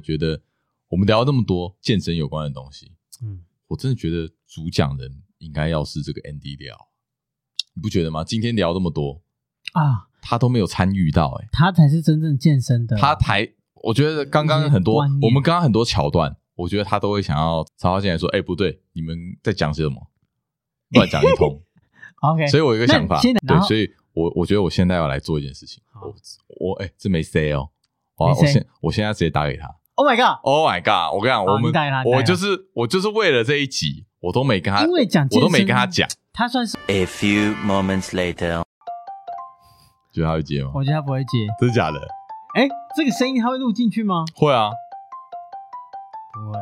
我覺得我們聊了那麼多健身有關的東西，嗯，我真的覺得主講人應該要是這個安弟了，你不覺得嗎？今天聊這麼多啊，他都沒有參與到、欸，哎，他才是真正健身的、啊。他才，我覺得剛剛很多我很，我們剛剛很多橋段，我覺得他都會想要插話進來，說：“哎、欸，不對，你們在講些什麼？亂講一通。 ” OK，所以我有一個想法，對，所以我我覺得我現在要來做一件事情，我我哎、欸，這沒 say L，、哦、哇，我現我現在直接打給他。Oh my god! Oh my god! 我跟你講，哦、我們我就是我就是為了這一集，我都沒跟他，因為講我都沒跟他講，他算是。A few moments later，覺得他會接嗎？我覺得他不會接，真的假的？哎，這個聲音他會錄進去嗎？會啊，不會？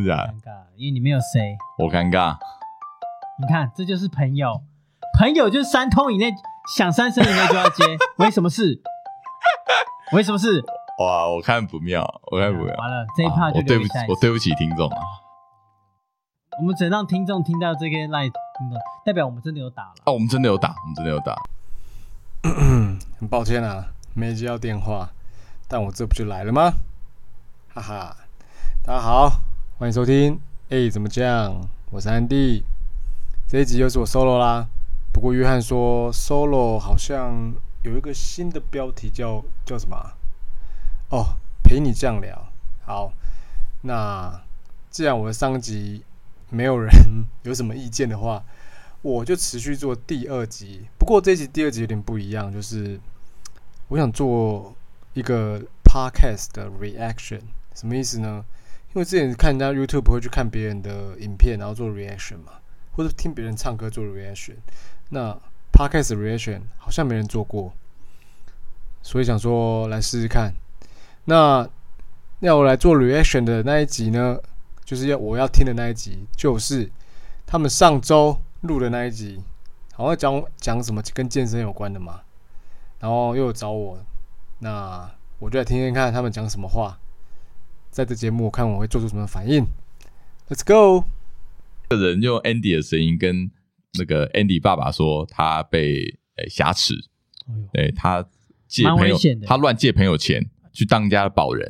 真的假的？尷尬，因為你沒有誰，我尷尬。你看，這就是朋友，朋友就是三通以內，響三聲以內就要接， 為什麼事， 為什麼事。哇！我看不妙，我看不妙，啊、完了，這一趴、啊、就一我對不起，我對不起聽眾了、哦。我們只能讓聽眾聽到這個 line，代表我們真的有打了。啊、哦，我們真的有打，我們真的有打。很 抱歉啊，沒接到電話，但我這不就來了嗎？哈哈，大家好，歡迎收聽。哎、欸，怎麼這樣？我是安弟，這一集又是我 solo 啦。不過約翰說 solo 好像有一個新的標題叫，叫叫什麼？哦，陪你這樣聊。好，那既然我的上集沒有人 有什麼意見的話，我就持續做第二集。不過這一集第二集有點不一樣，就是我想做一個 podcast 的 reaction，什麼意思呢？因為之前看人家 YouTube 不會去看別人的影片，然後做 reaction 嘛，或者聽別人唱歌做 reaction。那 podcast reaction 好像沒人做過，所以想說來試試看。那要我來做 reaction 的那一集呢，就是要我要聽的那一集，就是他們上周錄的那一集，好像講講什麼跟健身有關的嘛。然後又有找我，那我就來聽聽看他們講什麼話，在這節目我看我會做出什麼反應。Let's go！這人用 Andy 的聲音跟那個 Andy 爸爸說，他被呃挾持，哎、嗯，他借朋友，他亂借朋友錢。去當家的保人，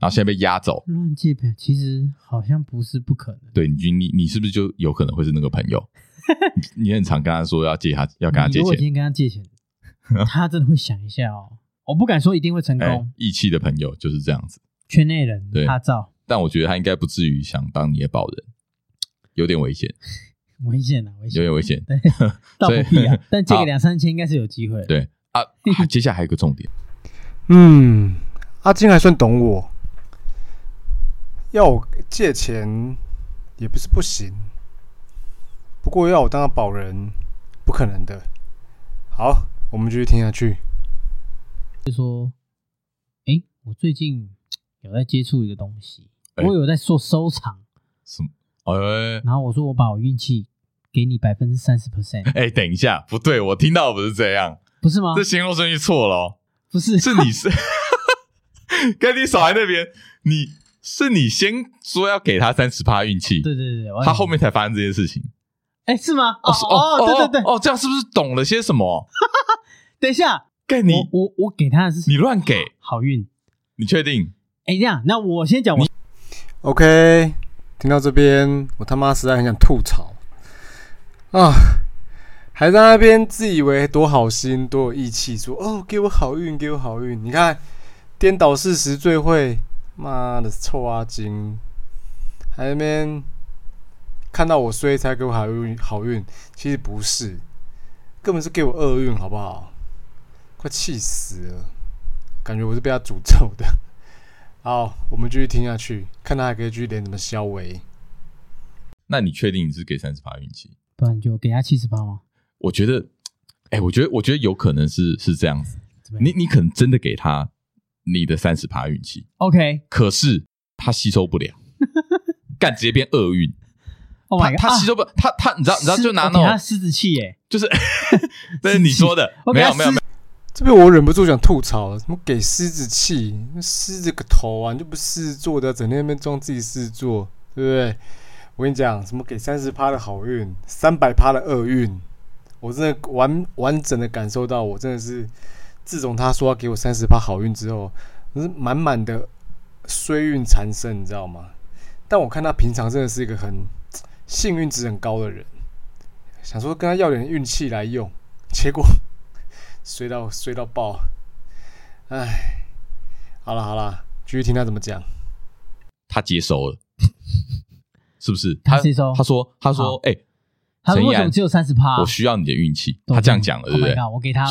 然後現在被押走。亂借唄其實好像不是不可能。對，你你你是不是就有可能會是那個朋友 你？你很常跟他說要借他，要跟他借錢。如果今天跟他借錢，他真的會想一下哦。 我不敢說一定會成功。欸、義氣的朋友就是這樣子。圈內人，他造。但我覺得他應該不至於想當你的保人，有點危險。危險啊，危險、啊。有點危險 屁、啊。 對，倒不必啊。但借個兩三千應該是有機會。對啊。接下來還有個重點。嗯。阿金還算懂我，要我借錢也不是不行，不過要我當個保人不可能的。好，我們繼續聽下去。就說，哎、欸，我最近有在接觸一個東西、欸，我有在做收藏。什麼？哎、欸。然後我說，我把我運氣給你百分之三十 percent。哎、欸，等一下，不對，我聽到不是這樣，不是嗎？這形容順序錯了，不是，是你是。 跟 你少來那邊，你是你先說要給他三十趴運氣，對對對，他後面才發生這件事情，哎，是嗎？哦哦對對對，哦，這樣是不是懂了些什麼？ 等一下，跟你我我，我給他的事情，你亂給、哦、好運，你確定？哎、欸，這樣那我先講我，OK，聽到這邊，我他媽實在很想吐槽啊，還在那邊自以為多好心多有義氣，說哦給我好運給我好運，你看。顛倒事實最會，媽的臭阿金，還在那邊看到我衰才給我好運好運，其實不是，根本是給我厄運，好不好？快氣死了，感覺我是被他詛咒的。好，我們繼續聽下去，看他還可以繼續連什麼消維。那你確定你是給三十八運氣？不然就給他七十八嗎？我覺得，哎、欸，我覺得，我覺得有可能是是這樣子。你你可能真的給他。你的三十趴運氣，OK，可是它吸收不了，幹 直接變厄運。哇、oh，它吸收不，了、啊，它它，你知道，你知道就拿那種獅、okay, 子氣，耶，就是， 是你說的，沒有沒有沒有。這邊我忍不住想吐槽，什麼給獅子氣，獅子個頭啊，你就不獅子座，的整天在那邊裝自己獅子座，對不對？我跟你講，什麼給三十趴的好運，三百趴的厄運，我真的完完整的感受到，我真的是。自從他說要給我三十趴好運之後，就是滿滿的衰運纏身，你知道嗎？但我看他平常真的是一個很幸運值很高的人，想說跟他要點運氣來用，結果衰到衰到爆。哎，好了好了，繼續聽他怎麼講。他接收了， 是不是？他他說他說哎，他說，他說、啊欸、他說我只有三十趴、啊、我需要你的運氣。他這樣講了，對不對？Oh my God, 我給他了，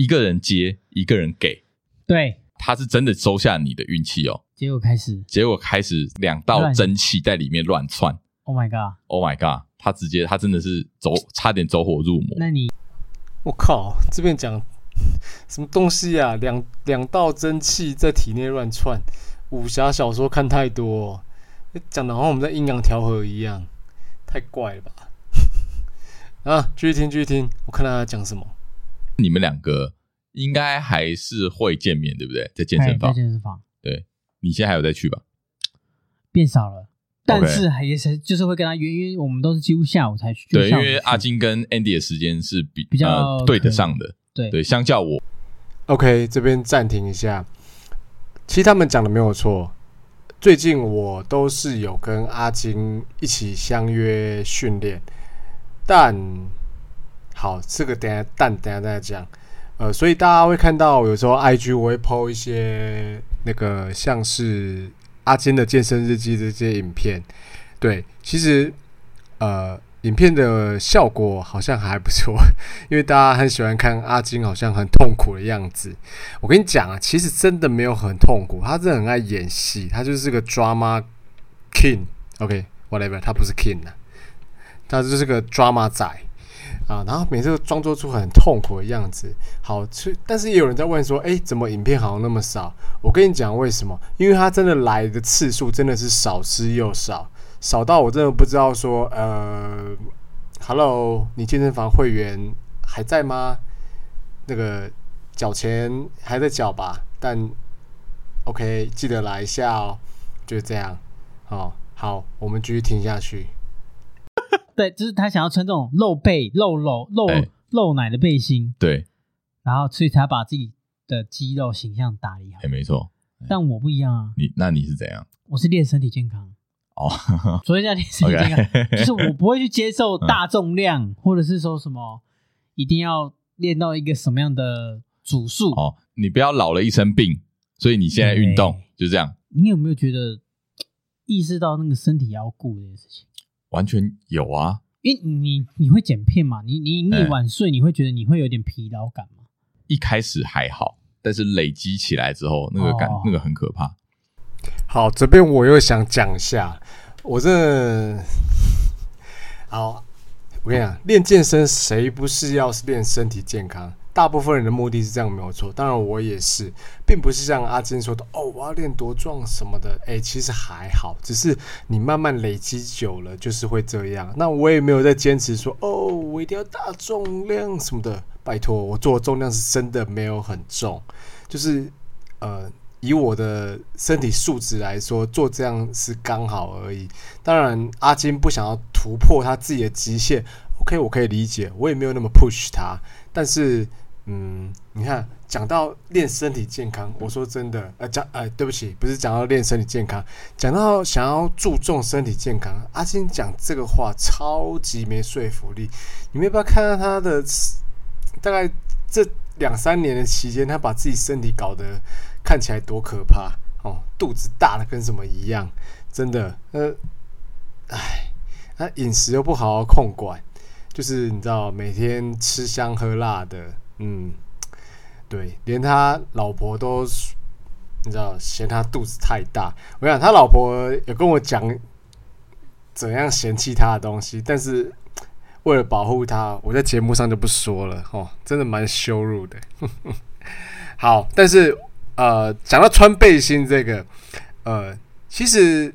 一個人接，一個人給，對，他是真的收下你的運氣哦。結果開始，結果開始，兩道真氣在裡面亂竄。Oh my god! Oh my god! 他直接，他真的是走，差點走火入魔。那你，我、哦、靠，這邊講什麼東西啊？兩兩道真氣在體內亂竄，武俠小說看太多、哦，講、欸、的好像我們在陰陽調和一樣，太怪了吧？ 啊，繼續聽，繼續聽，我看在他講什麼。你們兩個應該還是會見面，對不對？在健身房，在健身房。對，你現在還有再去吧？變少了，但是、Okay. 也是，就是會跟他約，因為我們都是幾乎下午才去。對，因為阿金跟 Andy 的時間是比比較、呃、對得上的。對對，相較我。OK，這邊暫停一下。其實他們講的沒有錯。最近我都是有跟阿金一起相約訓練，但。好，這個等下，但等下再講。呃，所以大家會看到有時候 IG 我會 PO 一些那個像是阿金的健身日記這些影片。對，其實呃影片的效果好像還不錯，因為大家很喜歡看阿金好像很痛苦的樣子。我跟你講啊，其實真的沒有很痛苦，他是很愛演戲，他就是個 drama king。OK，whatever，okay, 他不是 king 啊，他就是個 drama 仔。啊，然後每次都裝作出很痛苦的樣子。好，吃，但是也有人在問說，哎，怎麼影片好像那麼少？我跟你講為什麼？因為他真的來的次數真的是少之又少，少到我真的不知道說，呃，Hello，你健身房會員還在嗎？那個繳錢還在繳吧？但 OK，記得來一下哦。就這樣，哦，好，我們繼續聽下去。 對，就是他想要穿這種露背、露肉,肉、露露、欸、奶的背心。對，然後所以才把自己的肌肉形象打理好。哎、欸，沒錯、欸。但我不一樣啊。你那你是怎樣？我是練身體健康。哦， 所以在練身體健康，okay、 就是我不會去接受大重量，嗯、或者是說什麼一定要練到一個什麼樣的組數。哦，你不要老了一身病。所以你現在運動、欸、就這樣。你有沒有覺得意識到那個身體要顧這件事情？完全有啊，因為你你會剪片嘛，你你、嗯、你晚睡，你會覺得你會有點疲勞感嗎？一開始還好，但是累積起來之後，那個感、哦、那個很可怕。好，這邊我又想講一下，我這好，我跟你講，練健身誰不是要練身體健康？大部分人的目的是這樣沒有錯，當然我也是，並不是像阿金說的哦，我要練多壯什麼的。哎，其實還好，只是你慢慢累積久了就是會這樣。那我也沒有在堅持說哦，我一定要大重量什麼的，拜託，我做的重量是真的沒有很重，就是呃，以我的身體素質來說，做這樣是剛好而已。當然，阿金不想要突破他自己的極限，OK，我可以理解，我也沒有那麼 push 他。但是，嗯，你看，講到練身體健康，我說真的，呃，講，哎、呃，對不起，不是講到練身體健康，講到想要注重身體健康，阿金講這個話超級沒說服力。你們要不要看到他的，大概這兩三年的期間，他把自己身體搞得看起來多可怕哦，肚子大了跟什麼一樣，真的，呃，哎，他飲食又不好好控管。就是你知道每天吃香喝辣的，嗯，對，連他老婆都，你知道嫌他肚子太大。我想他老婆有跟我講怎樣嫌棄他的東西，但是為了保護他，我在節目上就不說了哦，真的蠻羞辱的。呵呵好，但是呃，講到穿背心這個，呃，其實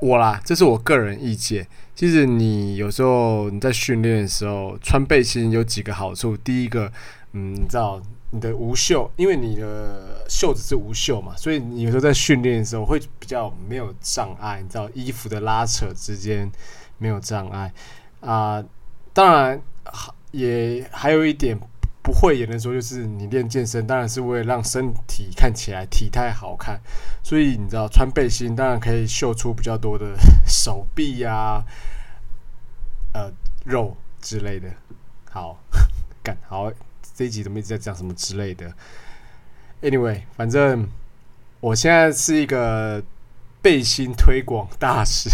我啦，這是我個人意見。其實你有時候你在訓練的時候穿背心有幾個好處。第一個，嗯，你知道你的無袖，因為你的袖子是無袖嘛，所以你有時候在訓練的時候會比較沒有障礙，你知道衣服的拉扯之間沒有障礙啊、呃。當然，也還有一點。不會也能說，就是你練健身，當然是為了讓身體看起來體態好看。所以你知道，穿背心當然可以秀出比較多的手臂呀、啊、呃肉之類的。好乾，好這一集怎麼一直在講什麼之類的？Anyway，反正我現在是一個背心推廣大使。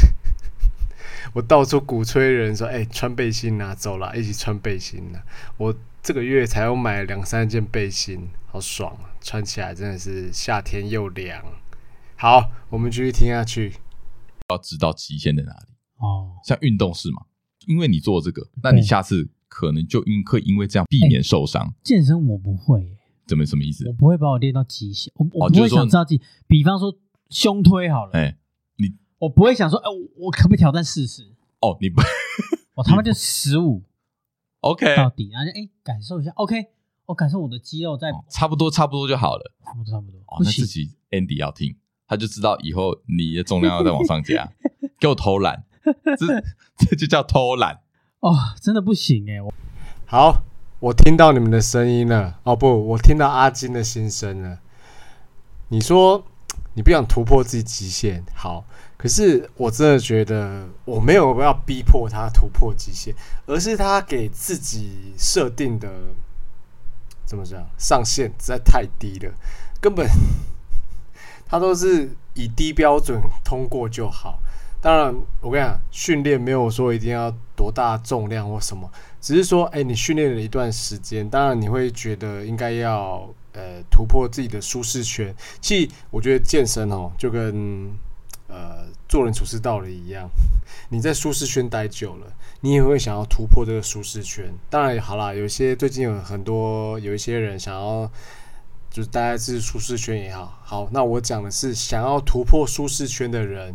我到處鼓吹人說：“哎、欸，穿背心吶、啊，走了，一起穿背心吶、啊！”我這個月才又買了兩三件背心，好爽啊！穿起來真的是夏天又涼。好，我們繼續聽下去。要知道極限在哪裡哦，像運動是嘛？因為你做這個，那你下次可能就因會因為這樣避免受傷、欸。健身我不會，怎麼什麼意思？我不會把我練到極限、哦，我不會想着急、就是。比方說胸推好了。欸我不會想說，哎、欸，我可不可以挑戰試試？哦，你不，我、哦、他媽就十五，OK 到底，啊、okay，哎、欸，感受一下，OK，我感受我的肌肉在、哦，差不多，差不多就好了，差不多，差不多。哦，那自己 Andy 要聽，他就知道以後你的重量要再往上加， 給我偷懶，這這就叫偷懶 哦，真的不行誒、欸。好，我聽到你們的聲音了，哦不，我聽到阿金的心聲了。你說你不想突破自己極限，好。可是我真的覺得，我沒有要逼迫他突破極限，而是他給自己設定的怎麼講上限實在太低了，根本呵呵他都是以低標準通過就好。當然，我跟你講，訓練沒有說一定要多大重量或什麼，只是說，哎、欸，你訓練了一段時間，當然你會覺得應該要呃突破自己的舒適圈。其實，我覺得健身哦，就跟呃，做人處事道理一樣。你在舒適圈待久了，你也會想要突破這個舒適圈。當然，好啦，有些最近有很多有一些人想要，就大待在舒適圈也好好。那我講的是想要突破舒適圈的人，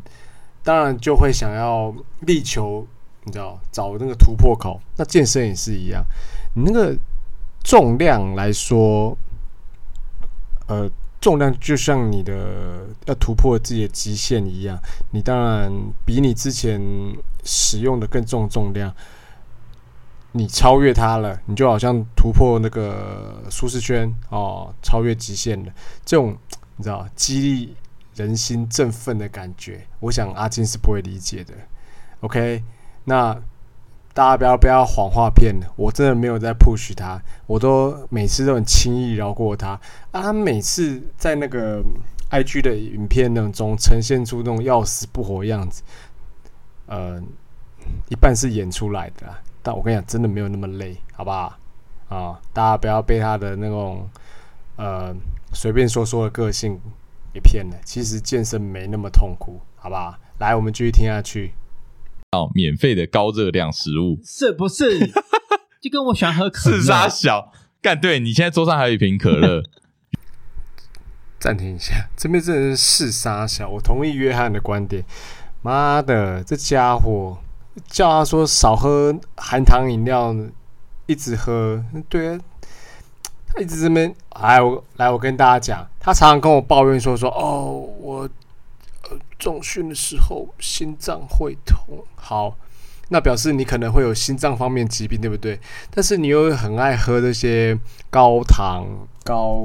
當然就會想要力求，你知道，找那個突破口。那健身也是一樣，你那個重量來說，呃。重量就像你的要突破自己的極限一樣，你當然比你之前使用的更重重量，你超越它了，你就好像突破那個舒適圈哦，超越極限了，這種，你知道激勵人心、振奮的感覺，我想阿金是不會理解的。OK，那。大家不要不要謊話騙了，我真的沒有在 push 他，我都每次都很輕易饒過他啊！他每次在那個 IG 的影片當中呈現出那種要死不活樣子，呃，一半是演出來的，但我跟你講，真的沒有那麼累，好不好？啊、呃，大家不要被他的那種呃隨便說說的個性給騙了，其實健身沒那麼痛苦，好不好？來，我們繼續聽下去。哦、免費的高熱量食物是不是？就跟我喜歡喝可樂。是殺 小幹，對你現在桌上還有一瓶可樂。暫 停一下，這邊真的是殺小，我同意約翰的觀點。媽的，這家伙叫他說少喝含糖飲料，一直喝。對啊，他一直在這邊。哎、啊，我來，我跟大家講，他常常跟我抱怨說說哦，我。重訓的時候心臟會痛，好，那表示你可能會有心臟方面疾病，對不對？但是你又很愛喝這些高糖、高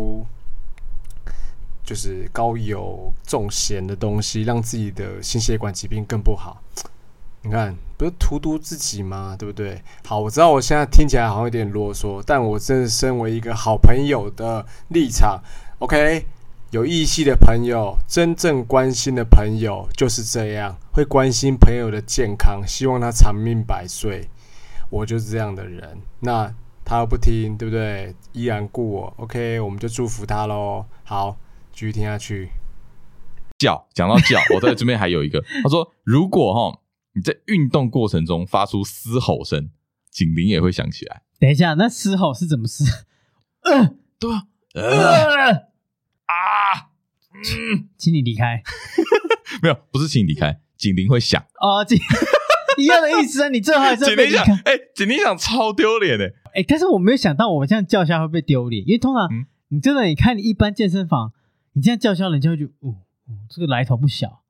就是高油、重鹹的東西，讓自己的心血管疾病更不好。你看，不是荼毒自己嗎？對不對？好，我知道我現在聽起來好像有點囉嗦，但我真的身為一個好朋友的立場，OK。有義氣的朋友，真正關心的朋友就是這樣，會關心朋友的健康，希望他長命百歲。我就是這樣的人。那他又不聽，對不對？依然故我。OK，我們就祝福他嘍。好，繼續聽下去。叫講到叫，我 在、哦、這邊還有一個。他說，如果哈、哦、你在運動過程中發出嘶吼聲，警鈴也會響起來。等一下，那嘶吼是怎麼嘶、呃？對啊。呃呃啊、嗯！請你離開。 沒有，不是請你離開，警鈴會響。哦， 一樣的意思。 你最好還是警鈴響。哎、欸，警鈴響超丟臉的、欸。哎、欸，但是我沒有想到，我這樣叫囂會被丟臉，因為通常、嗯、你真的，你看你一般健身房，你這樣叫囂，人家會覺得哦、嗯，這個來頭不小，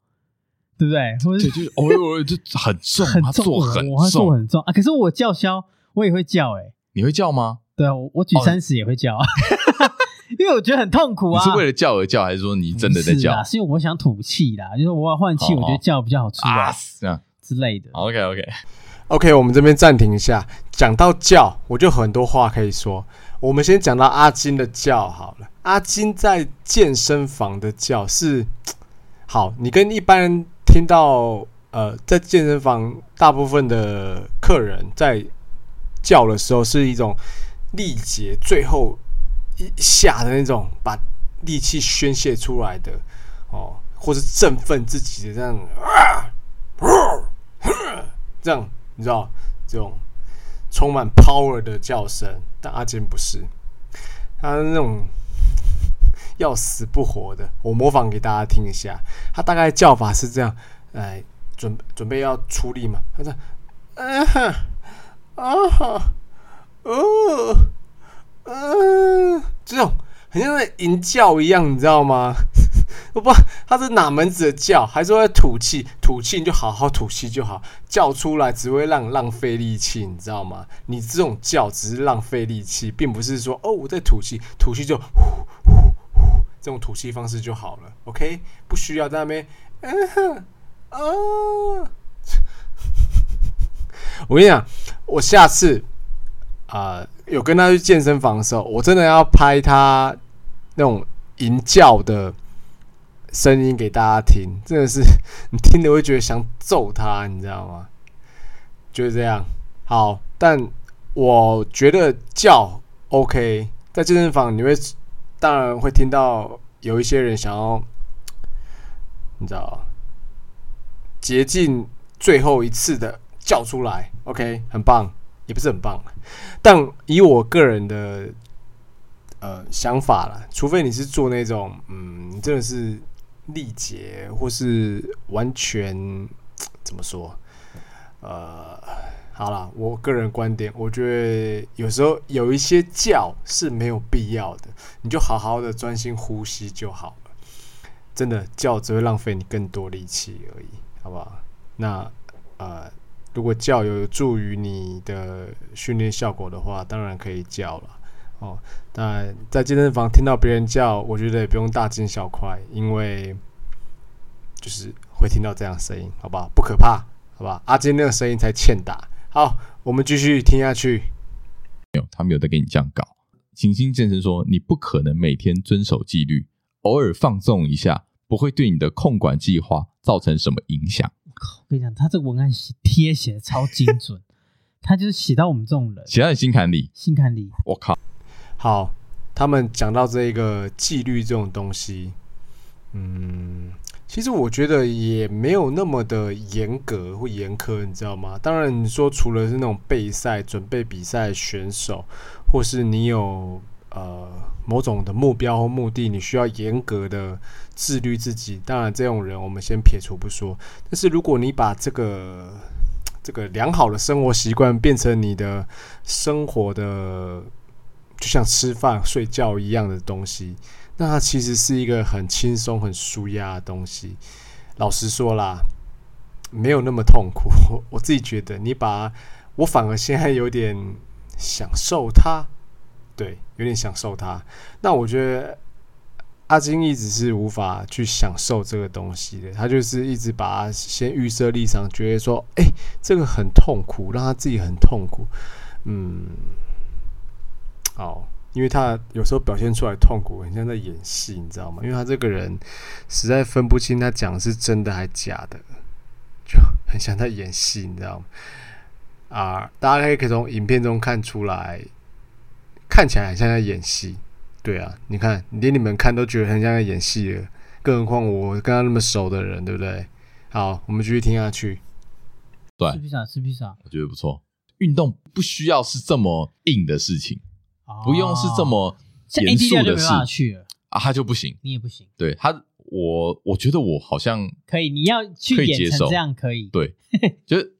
對不對？對，就是 哦哦，這很重，很重，做很重，我很重啊！可是我叫囂，我也會叫哎、欸。你會叫嗎？對啊，我我舉三十也會叫。哦 因為我覺得很痛苦啊！是為了叫而叫，還是說你真的在叫？是，是因為我想吐氣啦，就是我要換氣，我覺得叫比較好吃啊，oh, oh. 之類的。Ah, yeah. OK，OK，OK，okay, okay. okay, 我們這邊暫停一下。講到叫，我就很多話可以說。我們先講到阿金的叫好了。阿金在健身房的叫是好，你跟一般人聽到呃，在健身房大部分的客人在叫的時候是一種力竭，最後。嚇的那種把力氣宣泄出來的哦，或是振奮自己的這樣啊，這樣，啊呃、這樣你知道這種充滿 power 的叫聲，但阿堅不是，他是那種要死不活的。我模仿給大家聽一下，他大概叫法是這樣，哎，準備準備要出力嘛，他這樣，啊哈，啊哈，哦、啊。啊嗯、呃，這種很像在吟叫一樣，你知道嗎？ 我不知道它是哪門子的叫，還是在吐氣？吐氣你就好好吐氣就好，叫出來只會讓你浪費力氣，你知道嗎？你這種叫只是浪費力氣，並不是說哦我在吐氣，吐氣就呼呼呼這種吐氣方式就好了。OK，不需要在那邊。啊、呃，呃、 我跟你講，我下次啊。呃有跟他去健身房的時候，我真的要拍他那種淫叫的聲音給大家聽，真的是你聽了會覺得想揍他，你知道嗎？就是這樣。好，但我覺得叫 OK，在健身房你會當然會聽到有一些人想要，你知道，竭盡最後一次的叫出來，OK，很棒。也不是很棒，但以我個人的呃想法啦，除非你是做那種嗯，真的是力竭或是完全怎麼說？呃，好了，我個人觀點，我覺得有時候有一些叫是沒有必要的，你就好好的專心呼吸就好了。真的叫只會浪費你更多力氣而已，好不好？那呃。如果叫有助於你的訓練效果的話，當然可以叫了哦。但在健身房聽到別人叫，我覺得也不用大驚小怪，因為就是會聽到這樣的聲音，好不好？不可怕，好吧？阿、啊、金那個聲音才欠打。好，我們繼續聽下去。沒有，他沒有在給你這樣搞。行星健身說，你不可能每天遵守紀律，偶爾放縱一下，不會對你的控管計劃造成什麼影響。我跟你講，他這個文案寫貼寫的超精準， 他就是寫到我們這種人，寫在心坎裡，心坎裡。我靠，好，他們講到這個紀律這種東西，嗯，其實我覺得也沒有那麼的嚴格或嚴苛，你知道嗎？當然，你說除了是那種備賽、準備比賽選手，或是你有。呃，某種的目標或目的，你需要嚴格的自律自己。當然，這種人我們先撇除不說。但是，如果你把這個這個良好的生活習慣變成你的生活的，就像吃飯、睡覺一樣的東西，那它其實是一個很輕鬆、很舒壓的東西。老實說啦，沒有那麼痛苦。我自己覺得，你把，我反而現在有點享受它。對，有點享受他。那我覺得阿金一直是無法去享受這個東西的，他就是一直把他先預設立場，覺得說：“哎，這個很痛苦，讓他自己很痛苦。”嗯，好、哦，因為他有時候表現出來痛苦，很像在演戲，你知道嗎？因為他這個人實在分不清他講的是真的還是假的，就很像在演戲，你知道嗎？啊，大家可以可以從影片中看出來。看起來很像在演戲，對啊，你看，連你們看都覺得很像在演戲了，更何況我跟他那麼熟的人，對不對？好，我們繼續聽下去。對，吃披薩，吃披薩，我覺得不錯。運動不需要是這麼硬的事情，哦、不用是這麼嚴肅的事去。啊，他就不行，你也不行。對他，我我覺得我好像可以，你要去演接受成這樣可以，對，就。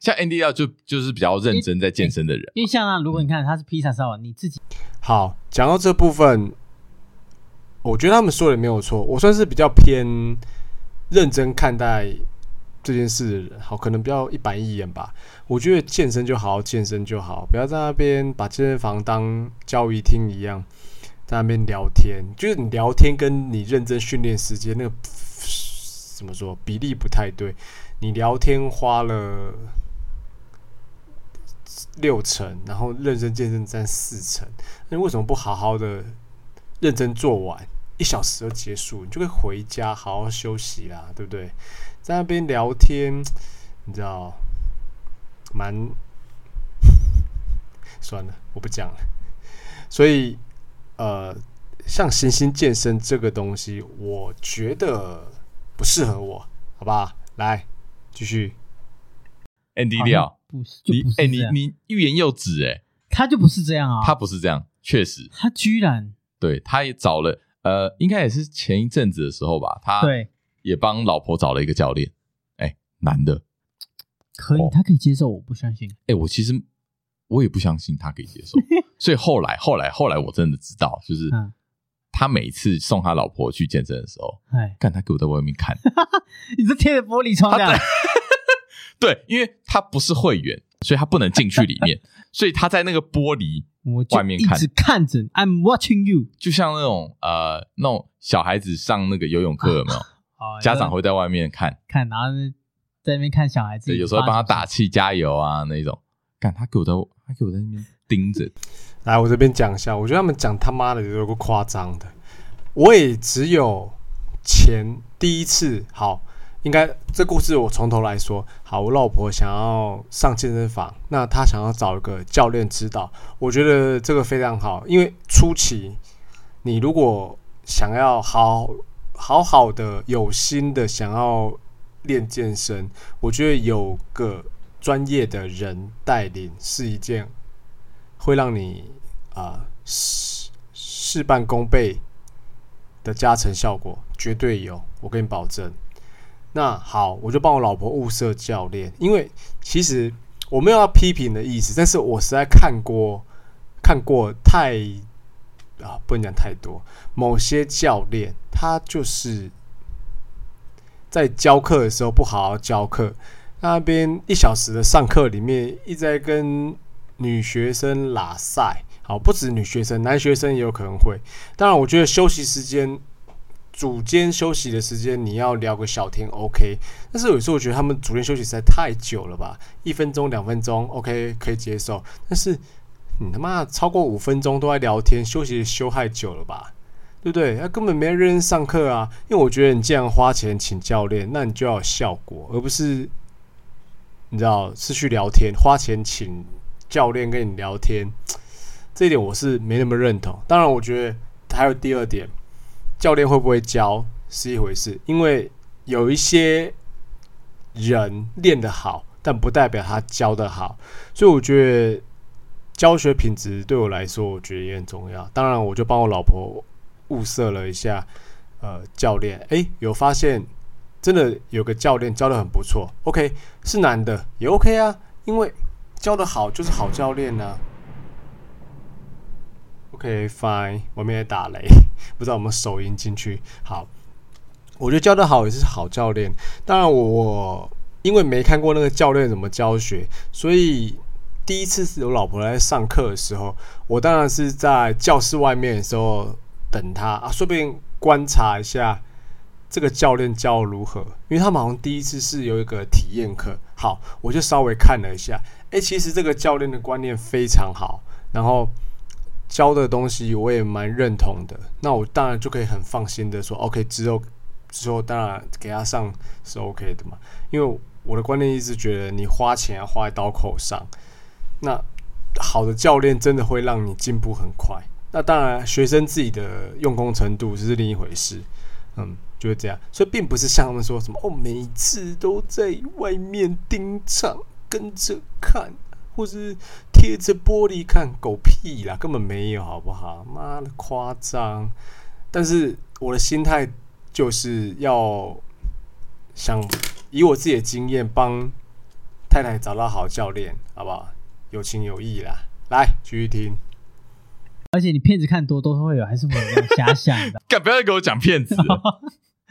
像 N D L 就就是比較認真在健身的人、啊，因為像如果你看他是披薩燒，你自己，好，講到這部分，我覺得他們說的沒有錯。我算是比較偏認真看待這件事的人，好，可能比較一板一眼吧。我覺得健身就好好健身就好，不要在那邊把健身房當交誼廳一樣，在那邊聊天，就是你聊天跟你認真訓練時間，那個，怎麼說，比例不太對，你聊天花了。六成，然後認真健身占四成。那你為什麼不好好的認真做完一小時就結束，你就可以回家好好休息啦，對不對？在那邊聊天，你知道，蠻，算了，我不講了。所以，呃，像新星,星健身這個東西，我覺得不適合我，好吧？來，繼續 a n d 掉。不是，哎，你、欸、你欲言又止哎、欸，他就不是這樣啊、哦，他不是這樣，確實，他居然對，他也找了，呃，應該也是前一陣子的時候吧，他對也幫老婆找了一個教練，哎、欸，男的，可以、哦，他可以接受，我不相信，哎、欸，我其實我也不相信他可以接受， 所以後來後來後來我真的知道，就是他每次送他老婆去健身的時候，哎，看他給我在外面看， 你這貼着玻璃窗 對，因為他不是會員，所以他不能進去裡面， 所以他在那個玻璃外面看，一直看着。I'm watching you，就像那種呃，那種小孩子上那個游泳課，啊、有沒有？家長會在外面看看，然後在那邊看小孩子，對，有時候幫他打氣加油啊那種。看 他給我在我，他給我在那邊盯着。來，我這邊講一下，我覺得他們講他媽的都有夠誇張的。我也只有前第一次好。應該這故事我從頭來說好。我老婆想要上健身房，那她想要找一個教練指導。我覺得這個非常好，因為初期你如果想要好好好的有心的想要練健身，我覺得有個專業的人帶領是一件會讓你啊事事半功倍的加成效果，絕對有，我跟你保證。那好，我就幫我老婆物色教練。因為其實我沒有要批評的意思，但是我實在看過看過太啊，不能講太多。某些教練他就是在教課的時候不好好教課，那邊一小時的上課裡面一直在跟女學生拉賽，啊，不止女學生，男學生也有可能會。當然，我覺得休息時間。組間休息的時間，你要聊個小天，OK。但是有時候我覺得他們組間休息實在太久了吧，一分鐘、兩分鐘，OK 可以接受。但是你他媽、啊、超過五分鐘都在聊天，休息休太久了吧，對不對？他、啊、根本沒認真上課啊。因為我覺得你這樣花錢請教練，那你就要有效果，而不是你知道是去聊天。花錢請教練跟你聊天，這一點我是沒那麼認同。當然，我覺得還有第二點。教練會不會教是一回事，因為有一些人練得好，但不代表他教得好，所以我覺得教學品質對我來說，我覺得也很重要。當然，我就幫我老婆物色了一下，呃，教練，哎、欸，有發現，真的有個教練教得很不錯，OK，是男的也 OK 啊，因為教得好就是好教練呢、啊。OK，fine，、OK，我們也打雷。不知道有沒有手音進去好，我覺得教得好也是好教練。當然我因為沒看過那個教練怎麼教學，所以第一次是有老婆來上課的時候，我當然是在教室外面的時候等他啊，順便觀察一下這個教練教如何。因為他們好像第一次是有一個體驗課，好，我就稍微看了一下，誒、欸，其實這個教練的觀念非常好，然後。教的東西我也蠻認同的，那我當然就可以很放心的說，OK，之後，之後當然給他上是 OK 的嘛，因為我的觀念一直覺得，你花錢要花在刀口上，那好的教練真的會讓你進步很快，那當然學生自己的用功程度是另一回事，嗯，就是這樣，所以並不是像他們說什麼哦，每一次都在外面盯場跟着看。就是貼着玻璃看狗屁啦，根本沒有好不好？媽的誇張！但是我的心態就是要想以我自己的經驗幫太太找到好教練，好不好？有情有義啦，來繼續聽。而且你片子看多都是會有，還是我有瞎想的。 不要再給我講片子！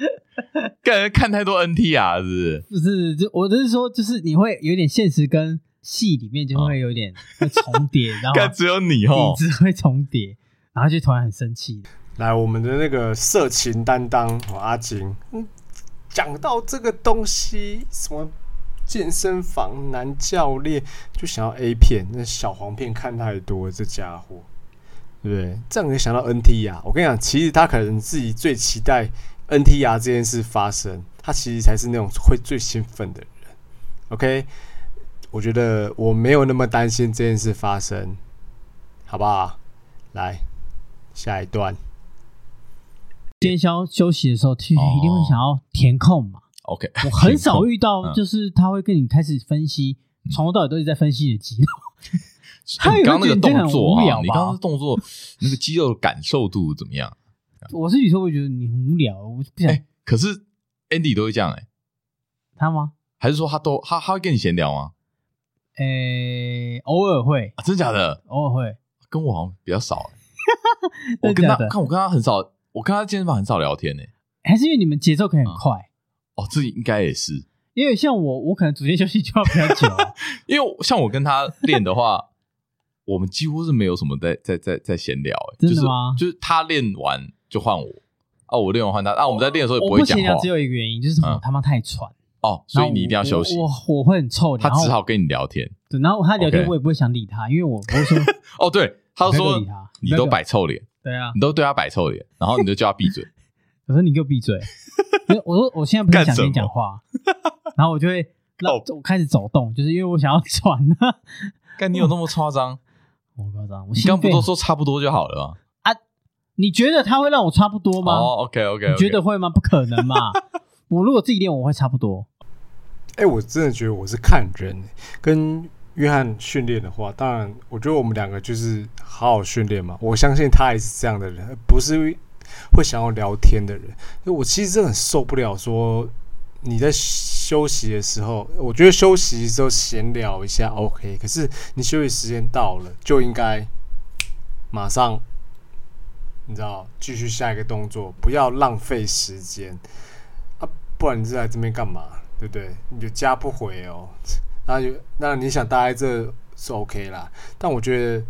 看太多 NTR 啊，是不是？不是，是，我就是說，就是你會有點現實跟。戲裡面就會有點會重疊，哦、然後 該只有你一直會重疊，然後就突然很生氣。來，我們的那個色情擔當阿金，講、嗯、到這個東西，什麼健身房男教練就想要 A 片，那小黃片看太多，這家伙，對不對？這樣也想到 NTR。我跟你講，其實他可能自己最期待 N T R 這件事發生，他其實才是那種會最興奮的人。OK。我覺得我沒有那麼擔心這件事發生，好不好？來，下一段。今天想要休息的時候，T 恤、哦、一定會想要填空嘛？OK。我很少遇到，就是他會跟你開始分析，從、嗯、頭到尾都是在分析你的肌肉。他有沒有覺作？你很你剛剛動作那個肌肉的感受度怎麼樣？ 我是有時候會覺得你很無聊，我不想。欸、可是 Andy 都會這樣哎、欸，他嗎？還是說他都他他會跟你閒聊嗎？誒、欸，偶爾會、啊，真假的，偶爾會，跟我好像比較少、欸 的的。我跟他看，我跟他很少，我跟他健身房很少聊天呢、欸。還是因為你們節奏可以很快？嗯、哦，這應該也是，因為像我，我可能組間休息就要比較久、啊。 因為像我跟他練的話， 我們幾乎是沒有什麼在在在在閒聊、欸，就是，嗎？就是他練完就換我，啊，我練完換他，啊，我們在練的時候也不會講。閒、哦、聊，只有一個原因，就是我他媽太喘。嗯哦，所以你一定要休息。我我，我會很臭臉，他只好跟你聊天。對，然後他聊天，我也不會想理他，okay. 因為我不會說。 哦，對，他就說你都擺臭臉。對、那、啊、個，你都對他擺臭臉、啊，然後你就叫他閉嘴。我說你給我閉嘴。 我說我現在不太想跟你講話。然後我就會我、oh. 開始走動，就是因為我想要喘。幹 你有那麼誇張？我誇張，我剛不都說差不多就好了嗎啊？你覺得他會讓我差不多嗎、oh,？OK 哦 okay, okay, OK，你覺得會嗎？不可能嘛。我如果自己練，我會差不多。哎、欸，我真的覺得我是看人、欸。跟約翰訓練的話，當然，我覺得我們兩個就是好好訓練嘛。我相信他也是這樣的人，不是會想要聊天的人。我其實真的很受不了，說你在休息的時候，我覺得休息的時候閒聊一下 OK，可是你休息時間到了就應該馬上，你知道，繼續下一個動作，不要浪費時間啊！不然你是來這邊幹嘛？對不對？你就加不回哦，那就那你想待在這是 OK 啦。但我覺得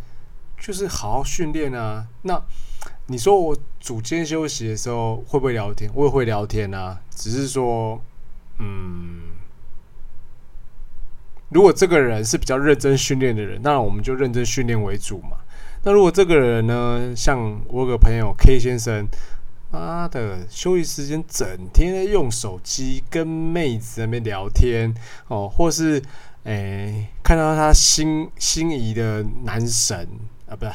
就是好好訓練啊。那你說我組間休息的時候會不會聊天？我也會聊天啊，只是說，嗯，如果這個人是比較認真訓練的人，那我們就認真訓練為主嘛。那如果這個人呢，像我有個朋友 K 先生。媽的！休息時間整天在用手機跟妹子在那邊聊天哦，或是誒、欸、看到他心心儀的男神啊，不是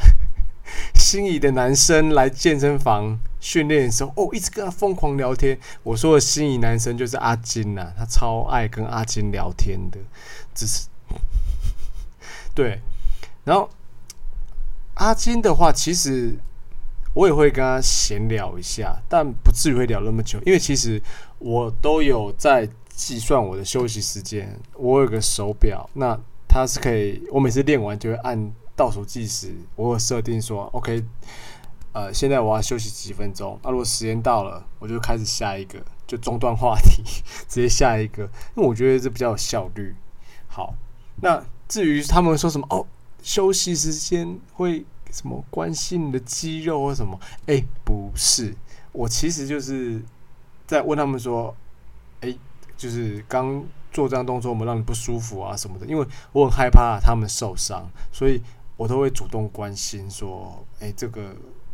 心儀的男生來健身房訓練的時候哦，一直跟他瘋狂聊天。我說的心儀男生就是阿金吶、啊，他超愛跟阿金聊天的，只是對，然後阿金的話其實。我也會跟他閒聊一下，但不至於會聊那麼久，因為其實我都有在計算我的休息時間。我有個手錶，那它是可以，我每次練完就會按倒數計時。我有設定說，OK，呃，現在我要休息幾分鐘。那，啊，如果時間到了，我就開始下一個，就中斷話題，直接下一個。因為我覺得這比較有效率。好，那至於他們說什麼哦，休息時間會。什麼關心你的肌肉或什麼？哎、欸，不是，我其實就是在問他們說，哎、欸，就是剛做這樣動作，有沒有讓你不舒服啊什麼的，因為我很害怕他們受傷，所以我都會主動關心說，哎、欸，這個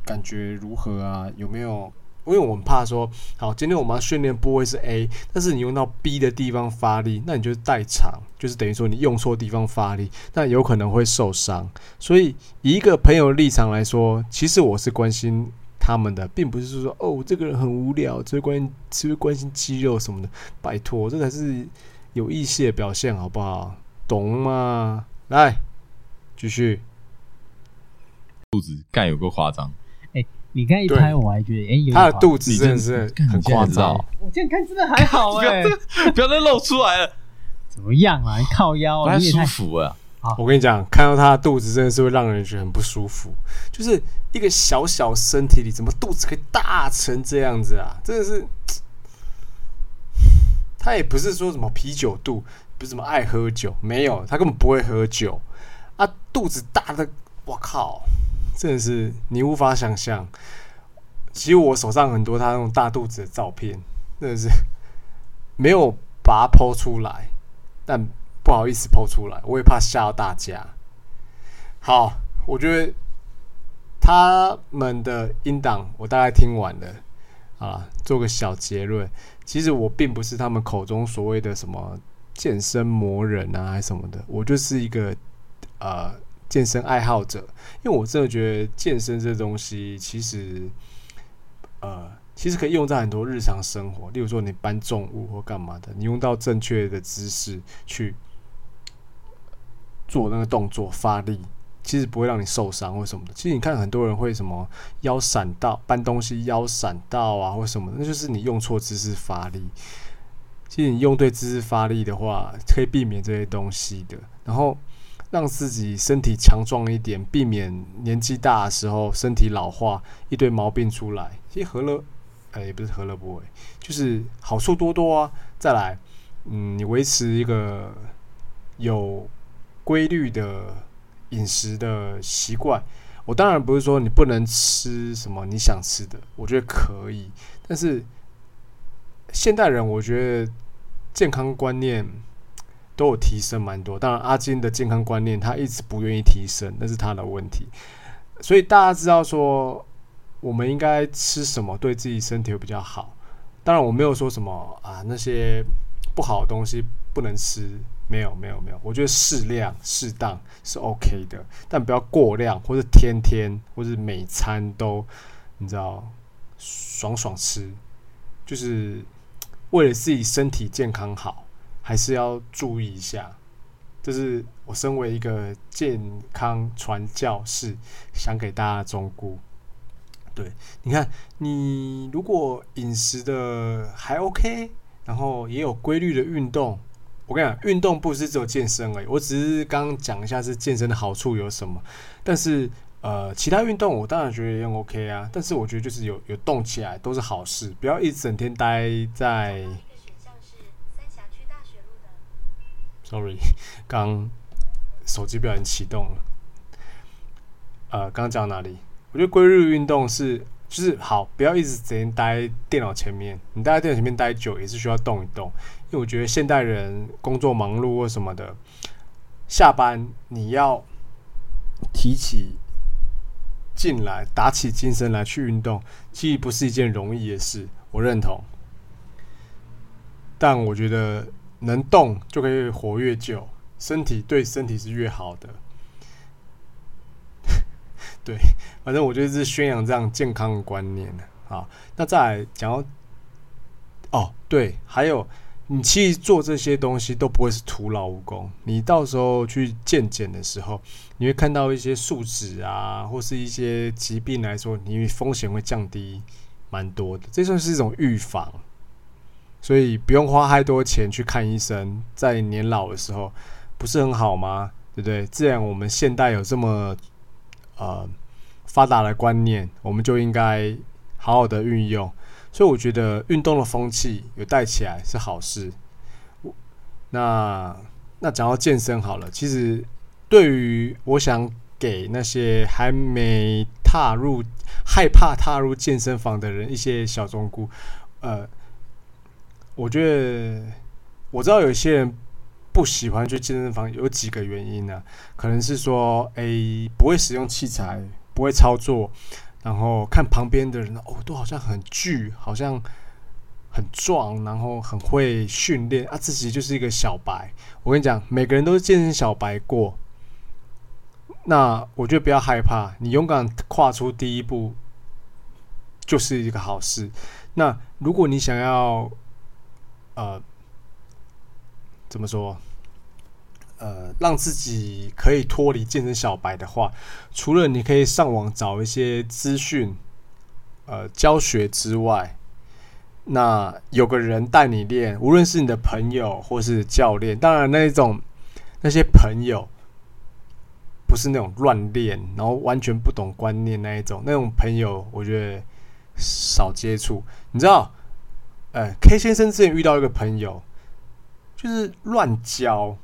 感覺如何啊？有沒有？因為我很怕說，好，今天我們要訓練部位是 A，但是你用到 B 的地方發力，那你就是代償，就是等於說你用錯地方發力，那有可能會受傷。所以以一個朋友的立場來說，其實我是關心他們的，並不是說哦，這個人很無聊，只會關心只會關心肌肉什麼的，拜托，這才、個、是有意思的表現，好不好？懂嗎？來，繼續，肚子蓋有夠誇張。你剛一拍，我還覺得，哎、欸，他的肚子真的是真的很誇張，就是欸。我現在看真的還好啊，欸， 不要再露出來了。 怎麼樣啊？靠腰，太舒服啊，我跟你講，看到他的肚子，真的是會讓人覺得很不舒服。就是一個小小身體裡，怎麼肚子可以大成這樣子啊？真的是。他也不是說什麼啤酒肚，不是什麼愛喝酒，沒有，他根本不會喝酒。啊，肚子大的，我靠。真的是你無法想象，其實我手上很多他那種大肚子的照片，真的是沒有把它 po 出來，但不好意思 po 出來，我也怕嚇到大家。好，我覺得他們的音檔我大概聽完了啊，做個小結論。其實我並不是他們口中所謂的什麼健身魔人啊，還是什麼的，我就是一個呃。健身愛好者，因為我真的覺得健身這東西其實，呃，其實可以用在很多日常生活，例如說你搬重物或幹嘛的，你用到正確的姿勢去做那個動作發力，其實不會讓你受傷或什麼的。其實你看很多人會什麼腰閃到，搬東西腰閃到啊或什麼，那就是你用錯姿勢發力。其實你用對姿勢發力的話，可以避免這些東西的。然後。讓自己身體強壯一點，避免年紀大的時候身體老化，一堆毛病出來。其實、欸、何樂也、欸、不是何樂不為，就是好處多多啊。再來，嗯，你維持一個有規律的飲食的習慣。我當然不是說你不能吃什麼你想吃的，我覺得可以。但是現代人，我覺得健康觀念。都有提升蠻多，當然阿金的健康觀念，他一直不願意提升，那是他的問題。所以大家知道說，我們應該吃什麼對自己身體會比較好。當然我沒有說什麼啊，那些不好的東西不能吃，沒有沒有沒有，我覺得適量適當是 OK 的，但不要過量，或是天天或是每餐都你知道爽爽吃，就是為了自己身體健康好。還是要注意一下，就是我身為一個健康傳教士，想給大家忠告。對，你看，你如果飲食的還 OK，然後也有規律的運動，我跟你講，運動不是只有健身而已。我只是剛剛講一下是健身的好處有什麼，但是呃，其他運動我當然覺得也很 OK 啊。但是我覺得就是有有動起來都是好事，不要一整天待在。Sorry，剛手機不小心啟動了。呃，剛講到哪裡？我覺得規律運動是，就是好，不要一直整天待電腦前面。你待在電腦前面待久也是需要動一動，因為我覺得現代人工作忙碌或什麼的，下班你要提起勁來，打起精神來去運動，其實不是一件容易的事。我認同，但我覺得。能動就可以活越久，身體對身體是越好的。 對，反正我就是宣揚這樣健康的觀念。好，那再來講哦，對，還有你去做這些東西都不會是徒勞無功。你到時候去健檢的時候，你會看到一些數值啊，或是一些疾病來說，你風險會降低蠻多的。這算是一種預防。所以不用花太多錢去看醫生，在年老的時候不是很好嗎？對不對？既然我們現代有這麼呃發達的觀念，我們就應該好好的運用。所以我覺得運動的風氣有帶起來是好事。那那講到健身好了，其實對於我想給那些還沒踏入、害怕踏入健身房的人一些小忠告呃。我覺得我知道有些人不喜歡去健身房，有幾個原因呢、啊？可能是說，欸、欸、不會使用器材，不會操作，然後看旁邊的人哦，都好像很巨，好像很壯，然後很會訓練啊，自己就是一個小白。我跟你講，每個人都是健身小白過，那我覺得不要害怕，你勇敢跨出第一步就是一個好事。那如果你想要呃，怎麼說？呃，讓自己可以脫離健身小白的話，除了你可以上網找一些資訊、呃，教學之外，那有個人帶你練，無論是你的朋友或是教練，當然那一種那些朋友不是那種亂練，然後完全不懂觀念那一種，那種朋友我覺得少接觸，你知道。呃，哎，K 先生之前遇到一個朋友，就是亂交，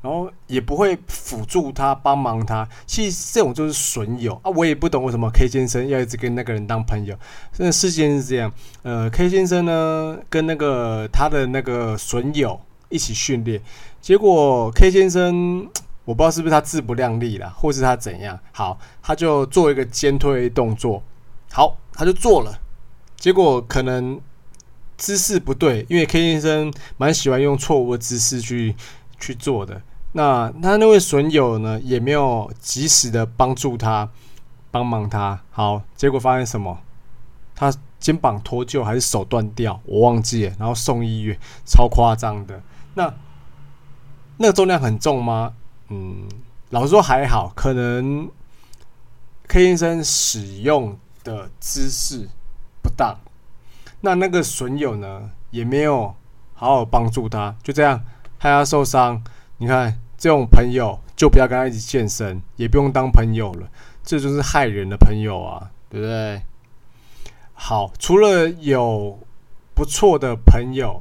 然後也不會輔助他、幫忙他。其實這種就是損友啊！我也不懂為什麼 K 先生要一直跟那個人當朋友。那事情是這樣，呃，K 先生呢跟那個他的那個損友一起訓練，結果 K 先生我不知道是不是他自不量力了，或是他怎樣，好，他就做一個肩推動作，好，他就做了，結果可能。姿勢不對，因為 K 先生蠻喜歡用錯誤的姿勢去去做的。那他那位損友呢，也沒有及時的幫助他，幫忙他。好，結果發現什麼？他肩膀脫臼還是手斷掉？我忘記了。然後送醫院，超誇張的。那那個重量很重嗎？嗯，老實說還好，可能 K 先生使用的姿勢不當。那那個損友呢，也沒有好好幫助他，就這樣害他受傷。你看這種朋友，就不要跟他一起健身，也不用當朋友了。這就是害人的朋友啊，對不對？好，除了有不錯的朋友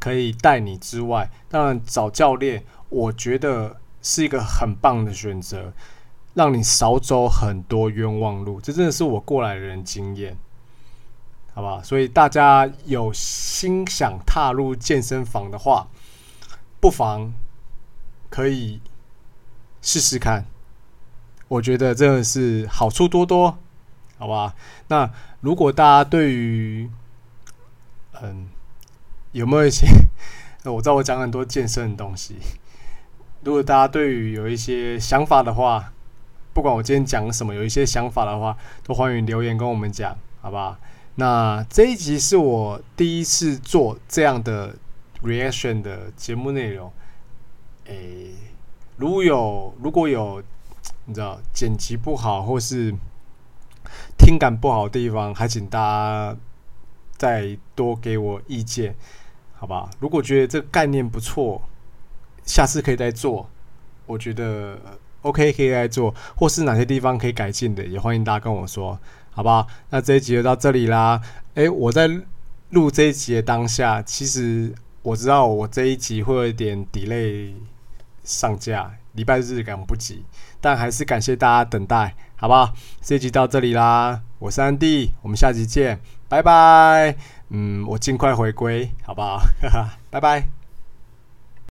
可以帶你之外，當然找教練，我覺得是一個很棒的選擇，讓你少走很多冤枉路。這真的是我過來的人的經驗。好吧，所以大家有心想踏入健身房的話，不妨可以試試看。我覺得真的是好處多多，好吧？那如果大家對於嗯有沒有一些……我我知道我講很多健身的東西，如果大家對於有一些想法的話，不管我今天講了什麼，有一些想法的話，都歡迎留言跟我們講，好吧？那這一集是我第一次做這樣的 reaction 的節目內容，誒、欸，如有如果有你知道剪輯不好或是聽感不好的地方，還請大家再多給我意見，好吧？如果覺得這個概念不錯，下次可以再做，我覺得 OK 可以再做，或是哪些地方可以改進的，也歡迎大家跟我說。好不好？那這一集就到這裡啦。誒、欸，我在錄這一集的當下，其實我知道我這一集會有一點 delay 上架，禮拜日趕不及，但還是感謝大家等待，好不好？這一集到這裡啦，我是安弟，我們下集見，拜拜。嗯，我盡快回歸，好不好？哈哈，拜拜。